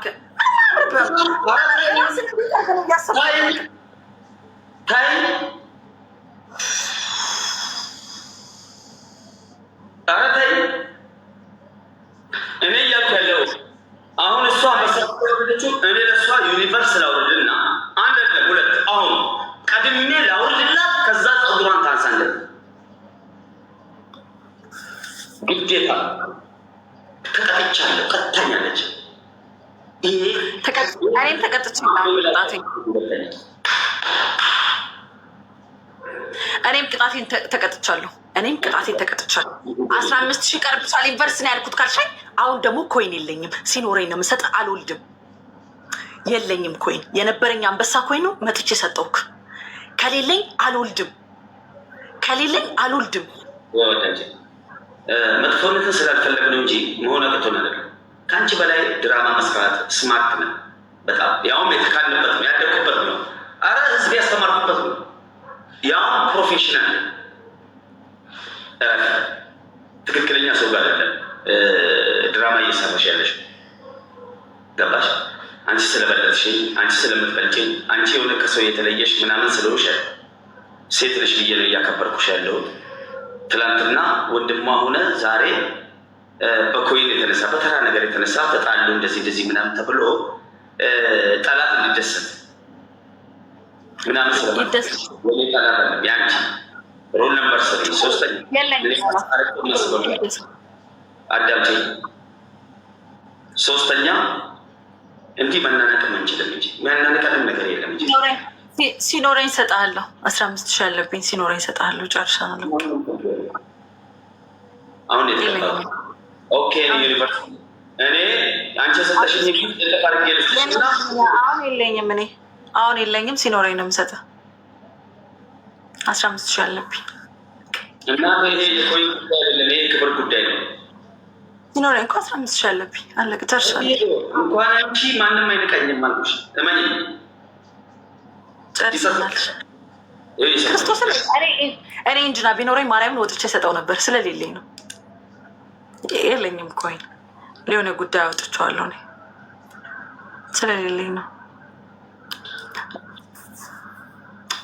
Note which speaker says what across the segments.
Speaker 1: que ah,
Speaker 2: እኔም ቅጣቴን ተቀጥቻለሁ። እኔም ቅጣቴን ተቀጥቻለሁ። አስራ አምስት ሺህ ቀርብቻል ዩኒቨርስቲ ነው ያልኩት ካልሻኝ፣ አሁን ደግሞ ኮይን የለኝም። ሲኖረኝ ነው የምሰጥ። አልወልድም፣ የለኝም ኮይን። የነበረኝ አንበሳ ኮይን ነው መጥቼ ሰጠውክ። ከሌለኝ አልወልድም፣ ከሌለኝ አልወልድም።
Speaker 1: መጥፎነትን ስላልፈለግ ነው እንጂ መሆን አቅቶን አይደለም። ከአንቺ በላይ ድራማ መስራት ስማርት ነው። በጣም ያውም የተካንበት ነው ያደግኩበት ነው። አረ ህዝብ ያስተማርኩበት ነው። ያውም ፕሮፌሽናል ትክክለኛ ሰው ጋር አይደለም ድራማ እየሰራሽ ያለሽ ገባሽ? አንቺ ስለበለጥሽኝ፣ አንቺ ስለምትበልጭኝ፣ አንቺ የሆነ ከሰው የተለየሽ ምናምን ስለሆንሽ ሴት ነሽ ብዬ ነው እያከበርኩሽ ያለሁት። ትላንትና ወንድሟ ሆነ ዛሬ በኮይን የተነሳ በተራ ነገር የተነሳ ተጣሉ እንደዚህ እንደዚህ ምናምን ተብሎ ጠላት ደሰት ጠላት ነምበር ሶስተኛ አዳምጪ። ሶስተኛ እንዲህ መናነቅም አንችልም እንጂ መናነቀንም ነገር የለም እንጂ
Speaker 2: ሲኖረኝ እሰጥሃለሁ። አስራ አምስት ሺህ አለብኝ። ሲኖረኝ እሰጥሃለሁ። ጨርሻለሁ።
Speaker 1: አሁን ኦኬ ዩኒቨርሲቲ እኔ አንቺ
Speaker 2: አሁን የለኝም። እኔ አሁን የለኝም፣ ሲኖረኝ ነው የምሰጠ አስራ አምስት ሺህ አለብኝ
Speaker 1: ይሄ ጉዳይ አይደለም፣ ይሄ ክብር ጉዳይ ነው።
Speaker 2: ሲኖረኝ እኮ አስራ አምስት ሺህ አለብኝ። አለቅ ጨርሻለሁ።
Speaker 1: እንኳን አንቺ ማንም አይንቀኝም አልኩሽ። እመኝ
Speaker 2: ጨርሰናል። እኔ ቢኖረኝ ማርያምን ወጥቼ ሰጠው ነበር። ስለሌለኝ ነው የለኝም ኮይን ለሆነ ጉዳይ አውጥቼዋለሁ። እኔ ስለሌለኝ ነው።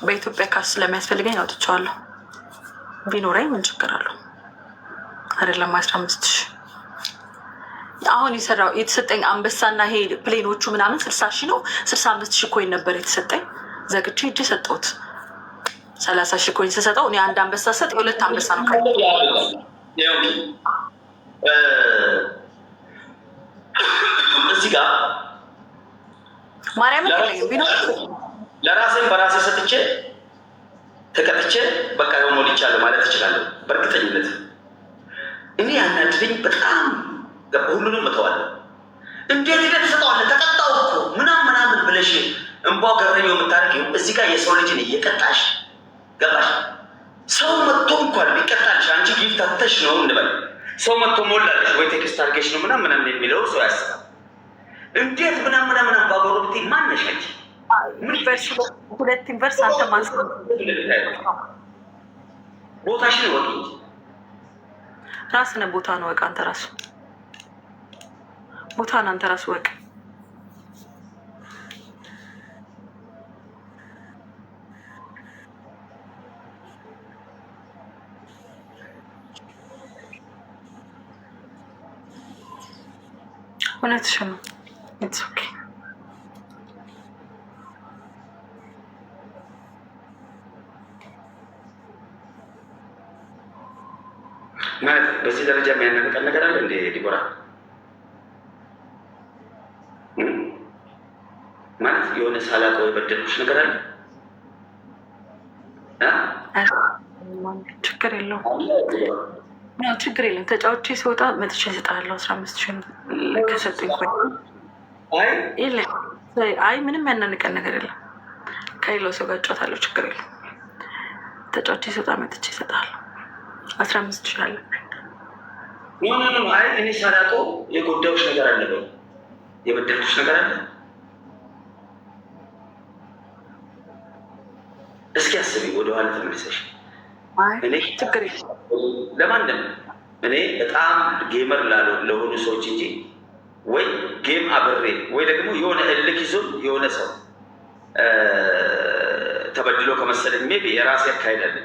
Speaker 2: በኢትዮጵያ ካስ ስለሚያስፈልገኝ አውጥቼዋለሁ። ቢኖረኝ ምን ችግር አለው? አይደለም አስራ አምስት ሺ አሁን የሰራው የተሰጠኝ አንበሳና ይሄ ፕሌኖቹ ምናምን ስልሳ ሺህ ነው። ስልሳ አምስት ሺ ኮይን ነበር የተሰጠኝ። ዘግቼ እጅ ሰጠሁት። ሰላሳ ሺ ኮይን ስሰጠው እኔ አንድ አንበሳ ሰጥ የሁለት አንበሳ ነው እዚህ ጋር ማርያም
Speaker 1: ለራሴን በራሴ ሰጥቼ ተቀጥቼ በቃ የሆነ ልቻለሁ ማለት እችላለሁ። በእርግጠኝነት እኔ ያናድደኝ በጣም ሁሉንም እተዋለሁ። እንዴት ሄደህ ትሰጠዋለህ? ተቀጣው እኮ ምናም ምናምን ብለሽ እንቧ ገረኘው የምታደርግ እዚህ ጋር የሰው ልጅን እየቀጣሽ ገባሽ። ሰው መጥቶ እንኳን ቢቀጣልሽ አንቺ ጊፍት አተሽ ነው እንበል ሰው መጥቶ ሞላለች ወይ ቴክስት አድርጌሽ ነው ምናምን ምናምን የሚለው ሰው ያስባል። እንዴት ምናምን ምናምን ባጎሮ ብትይ ማነሻች
Speaker 2: ሁለት ዩኒቨርስ አንተ ማስ ቦታሽን ወቂ ራስነ ቦታ ነው ወቅ አንተ ራሱ ቦታን አንተ ራሱ ወቅ እውነትሽን ነው።
Speaker 1: ማለት በዚህ ደረጃ የሚያነቃቃል ነገር አለ እንዴ? ዲቦራ ማለት የሆነ ሳላውቀው የበደልኩሽ ነገር አለ?
Speaker 2: ችግር የለውም። ችግር የለም። ተጫውቼ ሲወጣ መጥቼ እሰጥሃለሁ። አስራ አምስት ሺህ ከሰጡኝ አይ ምንም ያናንቀን ነገር የለም። ከሌላው ሰው ጋር እጫወታለሁ። ችግር የለም። ተጫውቼ ሲወጣ መጥቼ እሰጥሃለሁ። አስራ አምስት ሺህ አለ።
Speaker 1: ምንም አይ እኔ ሳላውቀው የጎዳዎች ነገር አለ፣ የበደልኩሽ ነገር አለ። እስኪ አስቢ፣ ወደኋላ ተመልሰሽ ችግር የለም ለማንም እኔ በጣም ጌመር ላሉ ለሆኑ ሰዎች እንጂ ወይ ጌም አብሬ ወይ ደግሞ የሆነ እልክ ይዞ የሆነ ሰው ተበድሎ ከመሰለኝ ሜቢ የራሴ ያካሄዳለ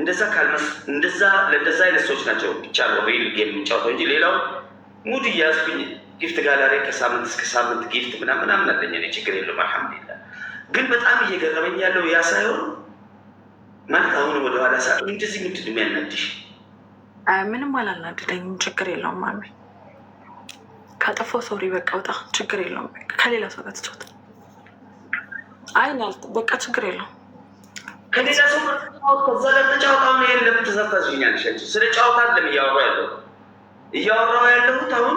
Speaker 1: እንደዛ ካልመስ እንደዛ ለእንደዛ አይነት ሰዎች ናቸው ብቻ ነው ሪል ጌም የምጫወተው እንጂ ሌላው ሙድ እያዝኩኝ ጊፍት ጋላሪ ከሳምንት እስከ ሳምንት ጊፍት ምናምን ምናምን አለኝ። እኔ ችግር የለውም አልሐምዱሊላህ። ግን በጣም እየገረመኝ ያለው ያ ሳይሆን ማለት አሁን ወደ ሳ እንደዚህ ምንድን የሚያናድሽ?
Speaker 2: ምንም አላናድደኝም። ችግር የለውም ማሚ ካጠፋው ሰው በቃ ወጣ ችግር የለውም። ከሌላ ሰው ጋር ትጫወት። አይ በቃ ችግር የለውም።
Speaker 1: ከሌላ ሰው ከዛ ጋር ተጫወት። አሁን ይሄን ለምን ተሳታችኛለሽ? ስለ ጫወታ አይደለም እያወራሁ ያለሁት እያወራው ያለሁት አሁን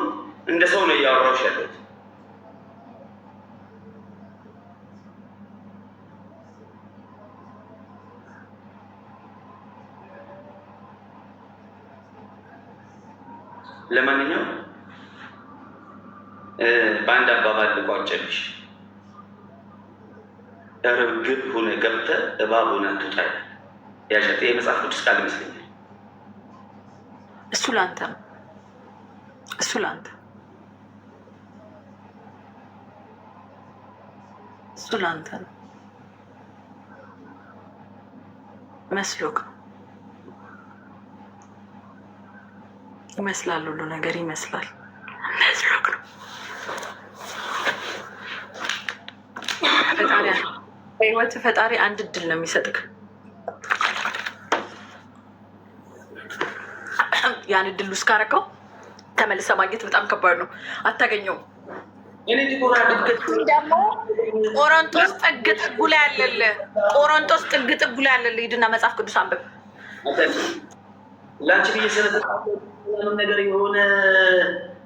Speaker 1: እንደ ሰው ነው እያወራሁሽ ያለሁት ለማንኛውም በአንድ አባባል ልቋጨልሽ፣ እርግብ ሆነ ገብተ እባብ ሆነ ትውጣ ያሸጠ የመጽሐፍ ቅዱስ ቃል ይመስለኛል።
Speaker 2: እሱ ለአንተ ነው። እሱ ለአንተ እሱ ለአንተ ነው መስሎክ ይመስላል፣ ሁሉ ነገር ይመስላል። መዝሎክ ነው ፈጣሪ። ፈጣሪ አንድ እድል ነው የሚሰጥክ። ያን እድል ውስጥ ካረከው ተመልሰ ማግኘት በጣም ከባድ ነው፣ አታገኘውም። ደግሞ ቆሮንቶስ ጥግ ጥጉ ላይ አለልህ። ቆሮንቶስ ጥግ ጥጉ ላይ አለልህ። ሂድና መጽሐፍ ቅዱስ አንብብ።
Speaker 1: ምናምን ነገር የሆነ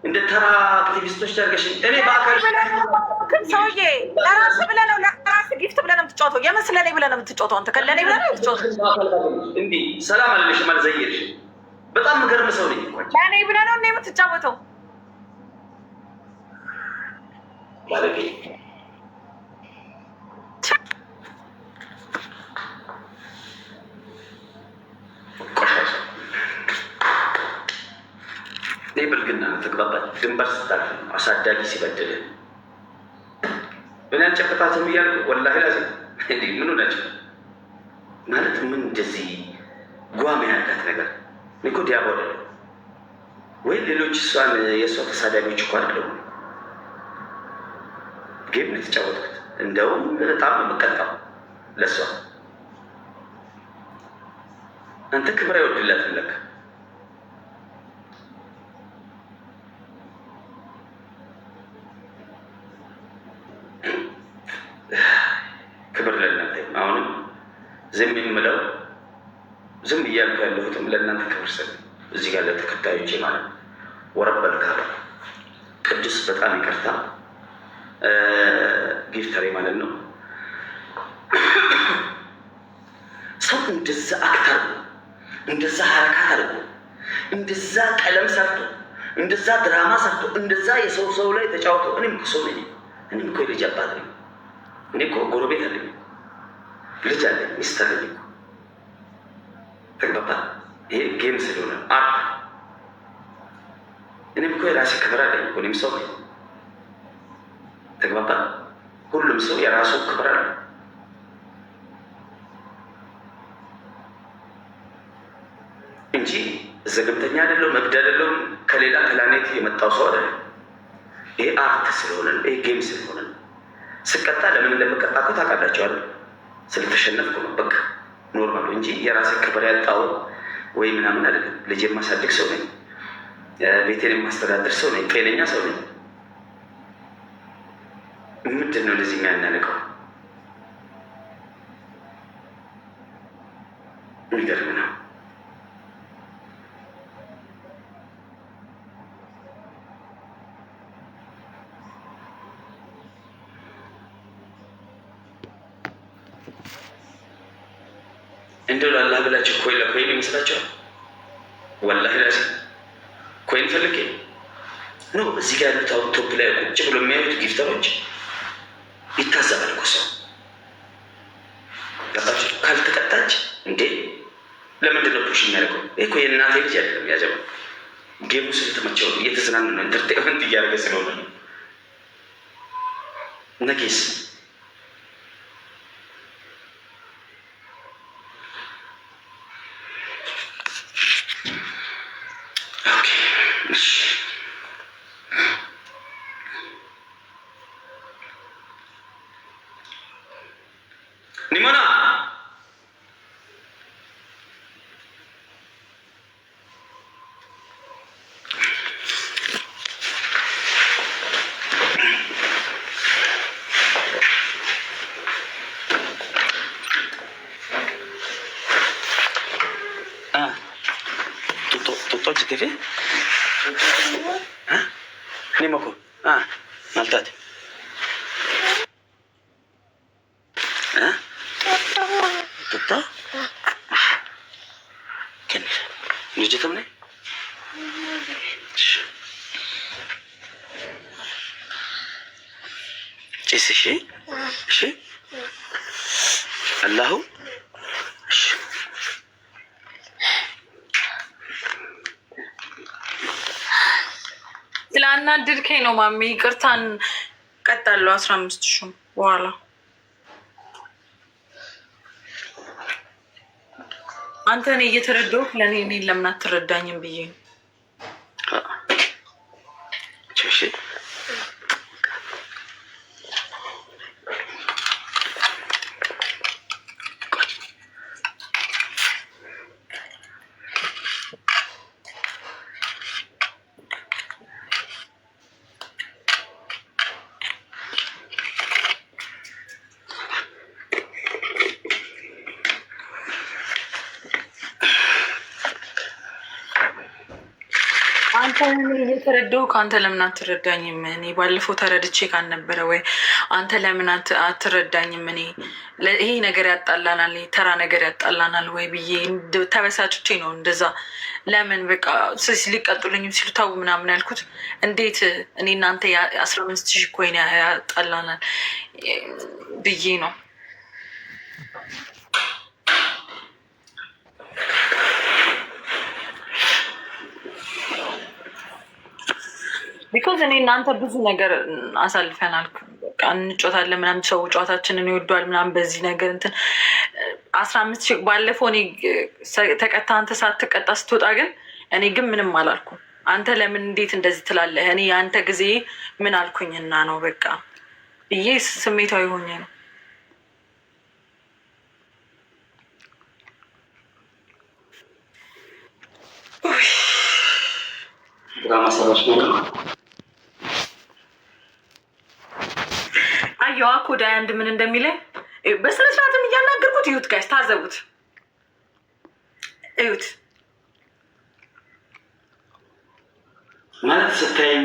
Speaker 1: እንደ ተራ አክቲቪስቶች ተርገሽ እኔ በአካልክም
Speaker 2: ሰውዬ ለራስ ብለህ ነው ለራስ ጊፍት ብለህ ነው የምትጫወተው። የመስለኔ ብለህ ነው የምትጫወተው። አንተ ከለኔ ብለህ ነው የምትጫወተው።
Speaker 1: እንዲ ሰላም አለልሽም አልዘየርሽም። በጣም ምገርም ሰው ነኝ።
Speaker 2: ለእኔ ብለህ ነው እንደ የምትጫወተው።
Speaker 1: የምትግባባት ድንበር ስታልፍ አሳዳጊ ሲበድል ምን ያንጨቅጣትም እያልኩ ወላሂ ላዚ ምኑ ናቸው ማለት ምን እንደዚህ ጓም ያላት ነገር እኮ ዲያቦ አደለ ወይ ሌሎች እሷን የእሷ ተሳዳጊዎች እኮ አይደለሁም። ጌም ነው የተጫወትኩት። እንደውም በጣም የምቀጣው ለእሷ አንተ ክብር አይወድላትም ለካ ለእናንተ ክብር ስል እዚህ ጋር ለተከታዮች ማለት ነው። ወረበልካ ቅዱስ በጣም ይቅርታ ጊፍተሬ ማለት ነው። ሰው እንደዛ አክታር እንደዛ ሀረካት አድርጎ እንደዛ ቀለም ሰርቶ እንደዛ ድራማ ሰርቶ እንደዛ የሰው ሰው ላይ ተጫውቶ እኔም እኮ ሰው ነኝ። እኔም እኮ የልጅ አባት ነኝ። እኔ እኮ ጎረቤት አለኝ፣ ልጅ አለኝ፣ ሚስት አለኝ። ተግባባል። ይሄ ጌም ስለሆነ አርት እኔም እኮ የራሴ ክብር አለኝ። ሁኔም ሰው ተግባባ። ሁሉም ሰው የራሱ ክብር አለ። እንጂ ዘገምተኛ አይደለሁም፣ እብድ አይደለሁም፣ ከሌላ ፕላኔት የመጣው ሰው አይደለም። ይሄ አርት ስለሆነ ይሄ ጌም ስለሆነ ስቀጣ ለምን እንደምቀጣ እኮ ታውቃላችኋል። ስለተሸነፍኩ ነው በቃ ኖርማል፣ እንጂ የራሴ ክብር ያጣው ወይ ምናምን አይደለም። ልጅ የማሳድግ ሰው ነኝ። ቤቴን የማስተዳድር ሰው ነኝ። ጤነኛ ሰው ነኝ። ምንድን ነው እንደዚህ የሚያናንቀው? የሚገርም ነው። እንደው ሰዎች ኮይን ለኮይን ይመስላቸዋል። ወላሂ ላዚ ኮይን ፈልጌ ኖ እዚህ ጋር ያሉት አሁን ቶፕ ላይ ቁጭ ብሎ የሚያዩት ጊፍተሮች ይታዘባል እኮ ሰው ገባች። ካልተቀጣች እንዴ ለምንድን ነው ፑሽ የሚያደርገው? ይህ እኮ የእናቴ ልጅ አይደለም ያጀባ ጌሙ ስለተመቸው እየተዝናኑ ነው ኢንተርቴንመንት እያደረገ ስለሆነ ነገስ TV? Ha? Nimako. Ah, maltat. Ha? Tutta? Ken. Nujhe tumne? ጭስ እሺ፣ እሺ አላሁ
Speaker 2: ያናድድከኝ ነው ማሚ፣ ይቅርታን ቀጣለሁ። አስራ አምስት ሺህ በኋላ አንተ እኔ እየተረዳሁ ለእኔ እኔን ለምን አትረዳኝም ብዬ የተረዳው ከአንተ ለምን አትረዳኝም? እኔ ባለፈው ተረድቼ ካልነበረ ወይ አንተ ለምን አትረዳኝም? እኔ ይሄ ነገር ያጣላናል፣ ተራ ነገር ያጣላናል ወይ ብዬ ተበሳጭቼ ነው እንደዛ። ለምን በቃ ሊቀጡልኝም ሲሉ ተው ምናምን ያልኩት። እንዴት እኔ እናንተ አስራ አምስት ሺህ ኮይን ያጣላናል ብዬ ነው ቢኮዝ እኔ እናንተ ብዙ ነገር አሳልፈናል። በቃ ምናም ምናምን ሰው ጨዋታችንን ይወዷል ምናምን በዚህ ነገር እንትን አስራ አምስት ሺህ ባለፈው እኔ ተቀጣ አንተ ሳትቀጣ ስትወጣ ግን እኔ ግን ምንም አላልኩም። አንተ ለምን እንዴት እንደዚህ ትላለህ? እኔ የአንተ ጊዜ ምን አልኩኝና ነው በቃ ብዬ ስሜታዊ ሆኜ ነው አየዋ ኮዳ አንድ ምን እንደሚለኝ በስነ ስርዓትም እያናገርኩት፣ እዩት ጋይስ ታዘቡት፣ እዩት
Speaker 1: ማለት ስታይኝ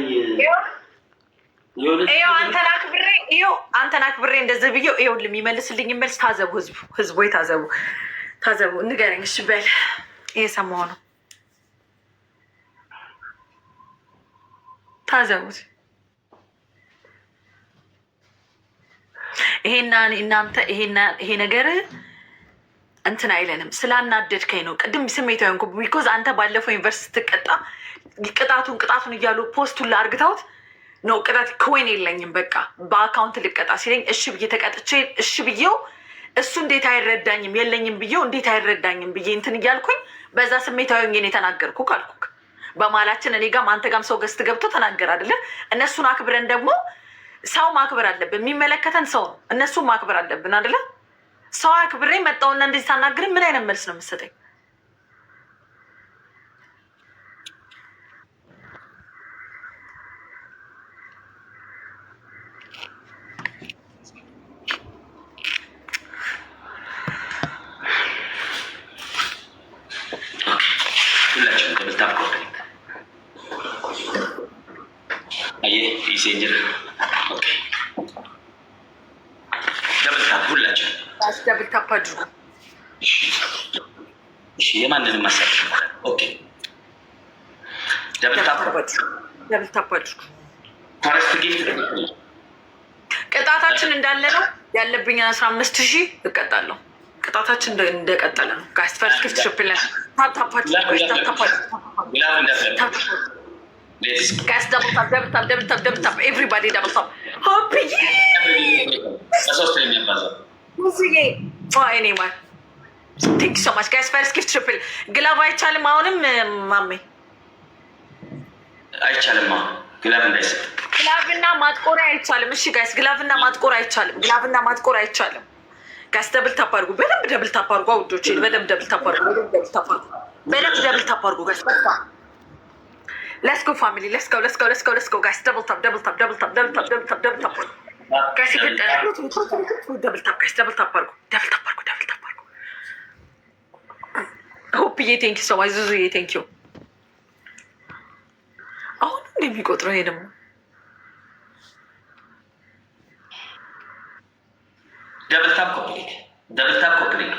Speaker 2: አንተን አክብሬ ይኸው አንተን አክብሬ እንደዚህ ብዬው ይኸው የሚመልስልኝ መልስ ታዘቡ፣ ህዝቡ ህዝቡ ታዘቡ፣ ታዘቡ። ንገረኝ እሺ በል እየሰማሁ ነው። ታዘቡት ይሄና እናንተ ይሄ ነገር እንትን አይለንም። ስላናደድከኝ ነው ቅድም ስሜታዊ ሆንኩ። ቢኮዝ አንተ ባለፈው ዩኒቨርሲቲ ስትቀጣ ቅጣቱን ቅጣቱን እያሉ ፖስቱን ላርግተውት ነው ቅጣት ኮይን የለኝም በቃ በአካውንት ልቀጣ ሲለኝ እሺ ብዬ ተቀጥቼ እሺ ብዬው እሱ እንዴት አይረዳኝም የለኝም ብዬው እንዴት አይረዳኝም ብዬ እንትን እያልኩኝ በዛ ስሜታዊ ሆኜን የተናገርኩ ካልኩክ በማላችን እኔ ጋም አንተ ጋም ሰው ገስት ገብቶ ተናገር አይደለም እነሱን አክብረን ደግሞ ሰው ማክበር አለብን። የሚመለከተን ሰው ነው፣ እነሱ ማክበር አለብን አደለ ሰው አክብሬ መጣውና እንደዚህ ሳናግርም ምን አይነት መልስ ነው የምሰጠኝ ዳብል ታፕ አድርጉ።
Speaker 1: የማንንም መሳል ኦኬ።
Speaker 2: ታፕ ታፕ አድርጉ። ጊፍት ቅጣታችን እንዳለ ነው። ያለብኝ አስራ አምስት ሺህ እቀጣለሁ። ቅጣታችን እንደቀጠለ ነው። ጋይስ ፈርስት ጊፍት ኤቭሪባዲ ደብል ታፕ ሆፕዬ ኤኒዋን ቴንክ ሶ ማች ጋይስ ፈርስት ጊፍት ትሪፕል ግላብ አይቻልም። አሁንም ማሜ
Speaker 1: አይቻልም። ግላብ እንዳይሰጥ
Speaker 2: ግላብና ማጥቆር አይቻልም። እሺ ጋይስ ግላብና ማጥቆር አይቻልም። ግላብና ማጥቆር አይቻልም። ጋይስ ደብል ታፕ አድርጉ። በደንብ ደብል ታፕ አድርጉ። አውዶች በደንብ ደብል ታፕ አድርጉ። በደንብ ደብል ታፕ አድርጉ ጋይስ ሌትስ ጎ ፋሚሊ ሌትስ ጎ ሌትስ ጎ ሌትስ ጎ ሌትስ ጎ ጋይስ ደብል ታፕ ደብል ታፕ ደብል ታፕ ደብል ታፕ ደብል ታፕ ደብል ታፕ ሆፕዬ ቴንኪ ሰው አዝዙዬ ቴንኪው። አሁን እንደሚቆጥረው ይሄ ደግሞ
Speaker 1: ደብልታፕ ኮፕሊት ደብልታፕ ኮፕሊት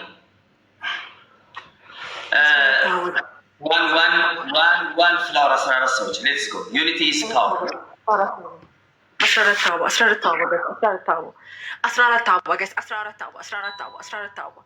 Speaker 1: ዋን ዋን ዋን ፍላወር አስራ አራት ሰዎች ሌትስ ጎ ዩኒቲ ኢዝ ፓወር
Speaker 2: 14 አበባ 14 አበባ 14 አበባ 14 አበባ ጋይስ 14 አበባ 14 አበባ 14 አበባ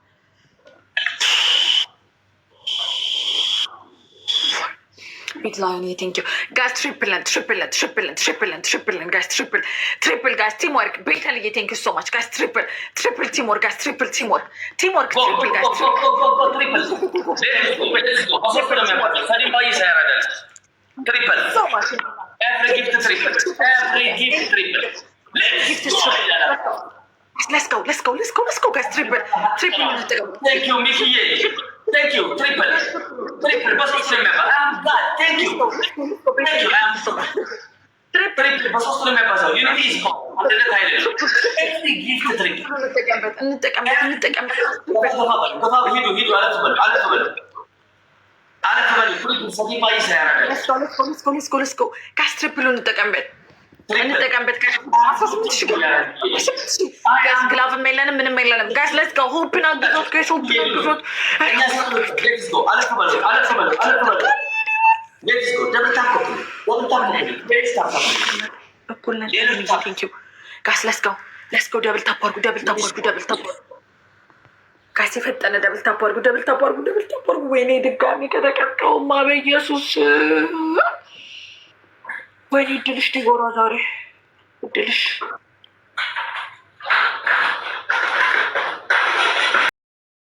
Speaker 2: ቢትላይን ቴንክ ዩ ጋይስ ትሪፕልን ትሪፕልን ትሪፕልን ትሪፕልን ትሪፕልን ጋይስ ትሪፕል ትሪፕል ጋይስ ቲም ወርክ ቤተልዬ ቴንክ ዩ ሶ ማች ጋይስ ትሪፕል ትሪፕል ቲም ወርክ ጋይስ ትሪፕል ቲም ወርክ ቲም ወርክ
Speaker 1: ትሪፕል ጋይስ ትሪፕል ትሪፕል ሶ ማች Every gift triple. Every gift triple.
Speaker 2: Let's go. Let's go, let's go, let's go, let's go, guys. Triple,
Speaker 1: triple. Thank you, Mickey. Thank you, triple. Triple, በሶስት የሚያባ Thank you. Thank you, I'm so ትሪፕል በሶስት ነው የሚያባዛው። ዩኒቲ ኢዝ አንድነት አይደለም። ኤቭሪ ጊፍት ትሪፕል
Speaker 2: እንጠቀምበት፣ እንጠቀምበት፣ እንጠቀምበት።
Speaker 1: ሂዱ ሂዱ፣ አለፍ በሉ፣ አለፍ በሉ
Speaker 2: ካስትሪፕሉ እንጠቀምበት እንጠቀምበት። ጋዝ ግላቭም የለንም ምንም የለንም። ጋዝ ለት ጋር ሆፕን አግዞት ከሆፕን አግዞት
Speaker 1: ጋዝ ለት ጋር
Speaker 2: ለስገው ደብል ታፓርጉ ደብል ታፓርጉ ደብል ታፓርጉ ጋይስ የፈጠነ ደብል ታፕ አድርጉ፣ ደብል ታፕ አድርጉ፣ ደብል ታፕ አድርጉ። ወይኔ ድጋሚ ከተቀጣውማ በኢየሱስ ወይኔ እድልሽ ዲቦራ ዛሬ እድልሽ